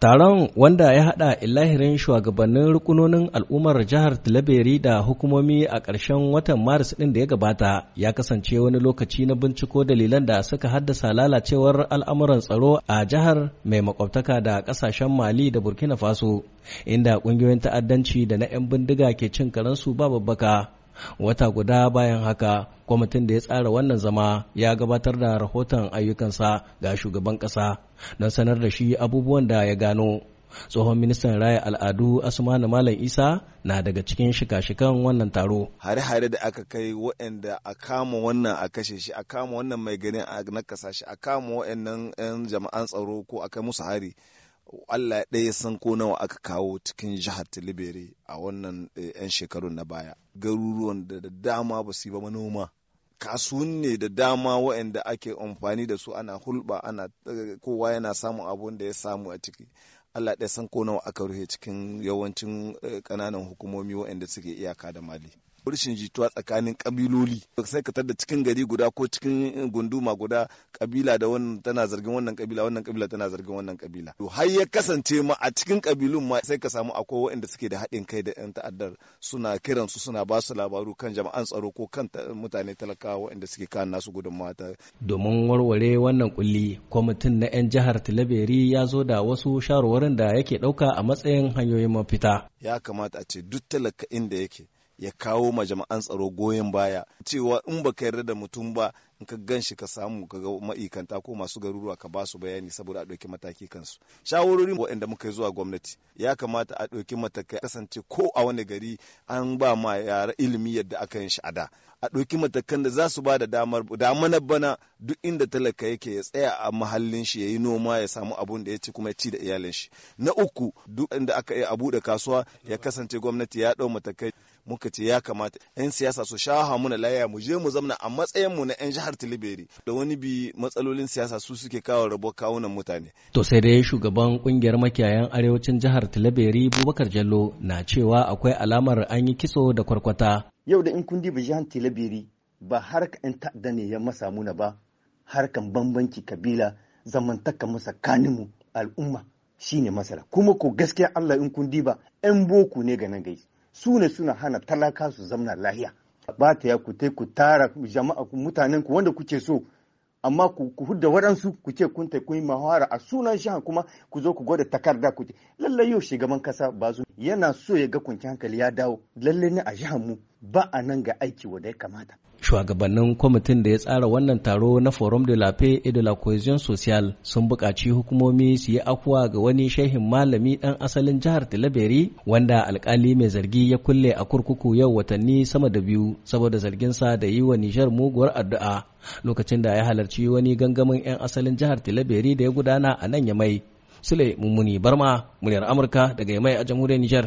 Taron wanda ya haɗa ilahirin shugabannin rukunonin al'ummar jihar Tilaberi da hukumomi a ƙarshen watan Maris ɗin da ya gabata ya kasance wani lokaci na binciko dalilan da suka haddasa lalacewar al'amuran tsaro a jihar mai makwabtaka da ƙasashen Mali da Burkina Faso, inda ƙungiyoyin ta'addanci da na 'yan bindiga ke cin karansu ba babbaka wata guda bayan haka kwamitin da ya tsara wannan zama ya gabatar da rahoton ayyukansa ga shugaban ƙasa don sanar da shi abubuwan da ya gano tsohon ministan raya al'adu asmanu malam isa na daga cikin shika-shikan wannan taro hare-hare da aka kai waɗanda a kama wannan a kashe shi a kama wannan mai ganin a nakasa shi a kama waɗannan 'yan jama'an tsaro ko a kai musu hari Allah ɗaya san ko nawa aka kawo cikin jihar Tilibere a wannan 'yan eh, shekarun na baya. Garuruwan da dama ba su yi ba manoma. Kasuwan ne da dama waɗanda ake amfani da su ana hulɓa ana eh, kowa yana samun abun da ya samu a ciki. Allah ɗaya san ko nawa aka rufe cikin yawancin eh, ƙananan hukumomi waɗanda suke iyaka da Mali. rashin jituwa tsakanin kabiloli sai ka da cikin gari guda ko cikin eh, gunduma guda kabila da wannan tana zargin wannan kabila wannan kabila tana zargin wannan kabila to har ya kasance ma a cikin kabilun ma sai ka samu akwai waɗanda suke da haɗin kai da yan ta'addar suna kiran su suna ba su labaru kan jama'an tsaro ko kan mutane talakawa waɗanda suke kan nasu gudun mata domin warware wannan kulli kwamitin na yan jihar Tilaberi ya zo da wasu shawarwarin da yake ɗauka a matsayin hanyoyin mafita ya kamata a ce duk talaka inda yake ya kawo ma jama'an tsaro goyon baya cewa in baka yarda da mutum ba in ka gan shi ka samu ka ga ma'ikanta ko masu garuruwa ka ba su bayani saboda a ɗauki mataki kansu shawarori waɗanda muka yi zuwa gwamnati ya kamata a ɗauki matakai kasance ko a wani gari an ba ma yara ilimi yadda aka yin shi a da a ɗauki matakan da za su ba da damar mana bana duk inda talaka yake ya tsaya a mahallin shi ya yi noma ya samu abun da ya ci kuma ya ci da iyalin shi na uku duk inda aka yi a buɗe kasuwa ya kasance gwamnati ya ɗau matakai muka suka ce ya kamata 'yan siyasa su sha muna laya mu je mu zamna a matsayin mu na 'yan jihar Tilibiri da wani bi matsalolin siyasa su suke kawo rabo kawunan mutane. To sai dai shugaban kungiyar makiyayan arewacin jihar Tilibiri Bubakar Jallo na cewa akwai alamar an yi kitso da kwarkwata. Yau da in kun diba jihar Tilibiri ba harka in ta'adda ne ya masa muna ba harkan bambanci kabila zamantaka masa kaninmu al'umma shine masala kuma ko gaskiya Allah in kun diba 'yan boko ne ga nan gaisu. su ne suna hana talaka su zamna lahiya ba ta ya ku tai ku tara jama'a ku mutanen ku wanda kuke so amma ku hudda waɗansu ku ce kun tai kun mahawara a sunan shi kuma ku zo ku gwada takarda ku ce lalle yau shugaban kasa ba su yana so ya ga kunci hankali ya dawo lalle ne a jihar mu ba a nan ga aiki wanda ya kamata shugabannin kwamitin da ya tsara wannan taro na forum de la paix et de la cohesion sociale sun buƙaci hukumomi su yi afuwa ga wani shehin malami ɗan asalin jihar tilaberi wanda alkali mai zargi ya kulle a kurkuku yau watanni sama da biyu saboda zargin sa da yi wa nijar muguwar addu'a lokacin da ya halarci wani gangamin 'yan asalin jihar tilaberi da ya gudana a nan yamai sule mummuni barma muryar amurka daga yamai a jamhuriyar nijar